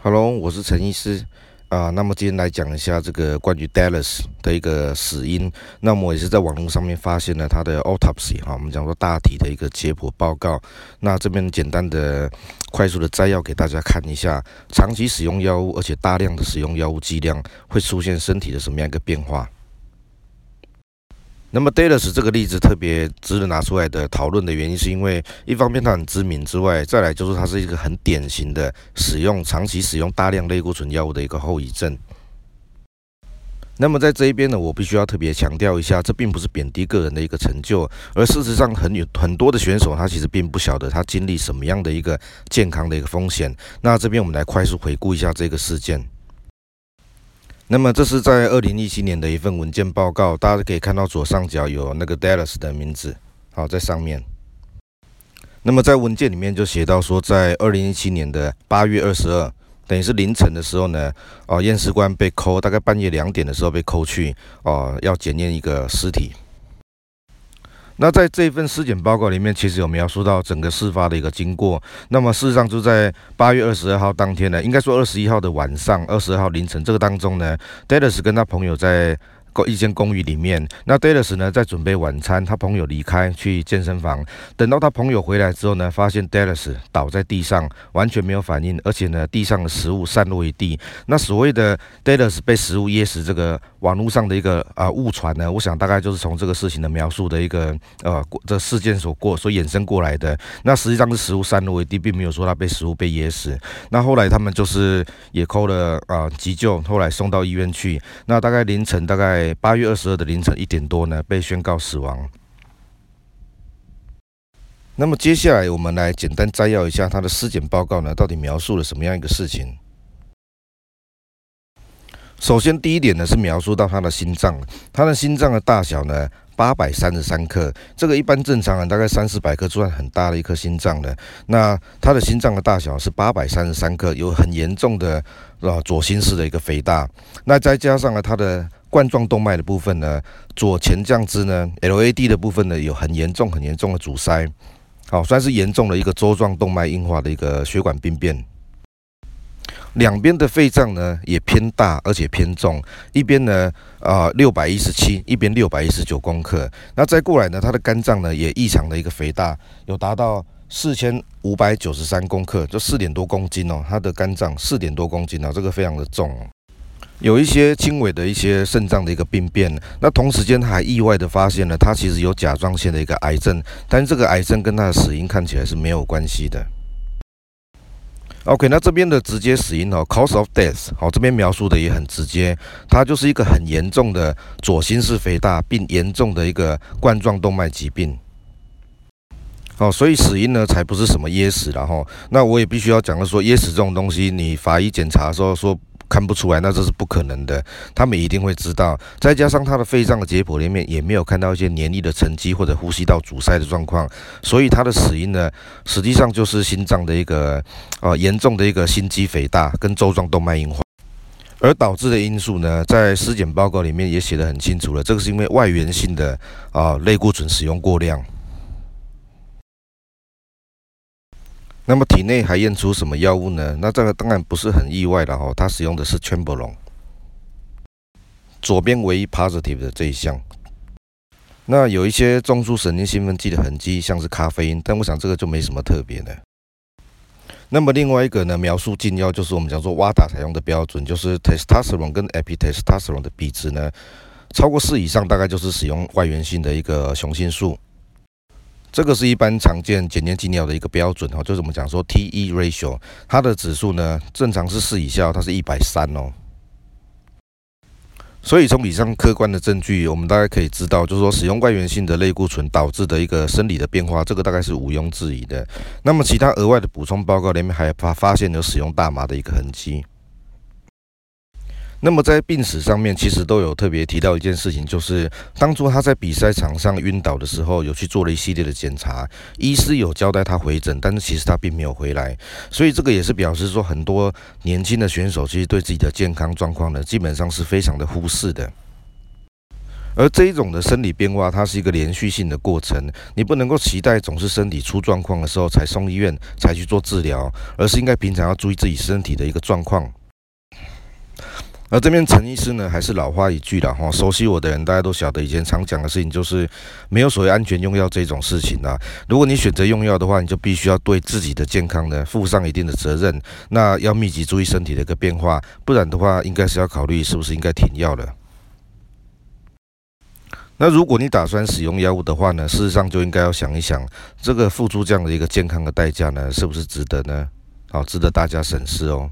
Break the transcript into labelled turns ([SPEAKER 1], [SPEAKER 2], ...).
[SPEAKER 1] 哈嘍，Hello, 我是陳醫師啊。那麼今天來講一下這個關於 Dallas 的一個死因。那麼我也是在網絡上面發現了他的 autopsy 哈，我們講說大體的一個解剖報告。那這邊簡單的、快速的摘要給大家看一下：長期使用藥物，而且大量的使用藥物劑量，會出現身體的什麼樣一個變化？那麼，Dallas 這個例子特別值得拿出來的討論的原因，是因為一方面他很知名之外，再來就是他是一個很典型的使用長期使用大量類固醇藥物的一個後遺症。那麼在這一邊呢，我必須要特別強調一下，這並不是貶低個人的一個成就，而事實上很有很多的選手，他其實並不曉得他經歷什麼樣的一個健康的一個風險。那這邊我們來快速回顧一下這個事件。那麼這是在二零一七年的一份文件報告，大家可以看到左上角有那個 Dallas 的名字，好在上面。那麼在文件裡面就寫到說，在二零一七年的八月二十二，等於是凌晨的時候呢，哦，驗屍官被摳，大概半夜兩點的時候被摳去，哦，要檢驗一個屍體。那在這份屍檢報告裡面，其實有描述到整個事發的一個經過。那麼事實上就在八月二十二號當天呢，應該說二十一號的晚上，二十二號凌晨這個當中呢 Dallas 跟他朋友在一間公寓裡面。那 Dallas 呢在準備晚餐，他朋友離開去健身房。等到他朋友回來之後呢，發現 Dallas 倒在地上，完全沒有反應，而且呢地上的食物散落一地。那所謂的 Dallas 被食物噎死這個。網絡上的一個啊誤傳呢，我想大概就是從這個事情的描述的一個呃過這事件所過所衍生過來的。那實際上是食物散落一地，並沒有說他被食物被噎死。那後來他們就是也扣了啊、呃、急救，後來送到醫院去。那大概凌晨大概八月二十二的凌晨一點多呢，被宣告死亡。那麼接下來我們來簡單摘要一下他的屍檢報告呢，到底描述了什麼樣一個事情？首先，第一點呢是描述到他的心臟，他的心臟的大小呢，八百三十三克，這個一般正常人大概三四百克就算很大的一顆心臟了。那他的心臟的大小是八百三十三克，有很嚴重的啊左心室的一個肥大，那再加上呢他的冠狀動脈的部分呢，左前降支呢，LAD 的部分呢有很嚴重、很嚴重的阻塞，好、哦，算是嚴重的一個粥狀動脈硬化的一個血管病變。兩邊的肺臟呢也偏大，而且偏重，一邊呢啊六百一十七，呃、17, 一邊六百一十九公克，那再過來呢，他的肝臟呢也異常的一個肥大，有達到四千五百九十三公克，就四點多公斤哦，他的肝臟四點多公斤哦，這個非常的重，有一些輕微的一些腎臟的一個病變，那同時間他還意外的發現了他其實有甲狀腺的一個癌症，但是這個癌症跟他的死因看起來是沒有關係的。OK，那這邊的直接死因呢？Cause of death，好，這邊描述的也很直接，它就是一個很嚴重的左心室肥大並嚴重的一個冠狀動脈疾病。好、哦，所以死因呢才不是什麼噎死。然後那我也必須要講到說，噎死這種東西，你法醫檢查的時候說說。看不出來，那這是不可能的，他們一定會知道。再加上他的肺臟的解剖裡面也沒有看到一些黏膩的沉積或者呼吸道阻塞的狀況，所以他的死因呢，實際上就是心臟的一個，呃，嚴重的一個心肌肥大跟冠狀動脈硬化，而導致的因素呢，在屍檢報告裡面也寫得很清楚了，這個是因為外源性的啊、呃、類固醇使用過量。那麼體內還驗出什麼藥物呢？那這個當然不是很意外了哈，它使用的是 Trenbolone，左邊唯一 positive 的這一項。那有一些中樞神經興奮劑的痕跡，像是咖啡因，但我想這個就沒什麼特別的。那麼另外一個呢，描述禁藥就是我們講說 WADA 採用的標準，就是 testosterone 跟 epitestosterone 的比值呢超過四以上，大概就是使用外源性的一個雄性素。這個是一般常見檢驗指標的一個標準哈，就是我們講說 T E ratio，它的指數呢正常是四以下，它是一百三哦。所以從以上客觀的證據，我們大概可以知道，就是說使用外源性的類固醇導致的一個生理的變化，這個大概是毋庸置疑的。那麼其他額外的補充報告裡面還有發發現有使用大麻的一個痕跡。那麼在病史上面，其實都有特別提到一件事情，就是當初他在比賽場上暈倒的時候，有去做了一系列的檢查，醫師有交代他回診，但是其實他並沒有回來，所以這個也是表示說，很多年輕的選手其實對自己的健康狀況呢，基本上是非常的忽視的。而這一種的生理變化，它是一個連續性的過程，你不能夠期待總是身體出狀況的時候才送醫院才去做治療，而是應該平常要注意自己身體的一個狀況。而這邊陳醫師呢，還是老話一句了哈，熟悉我的人大家都曉得，以前常講的事情就是沒有所謂安全用藥這種事情啦。如果你選擇用藥的話，你就必須要對自己的健康呢負上一定的責任，那要密集注意身體的一個變化，不然的話應該是要考慮是不是應該停藥了。那如果你打算使用藥物的話呢，事實上就應該要想一想，這個付出這樣的一個健康的代價呢，是不是值得呢？好，哦，值得大家審視哦。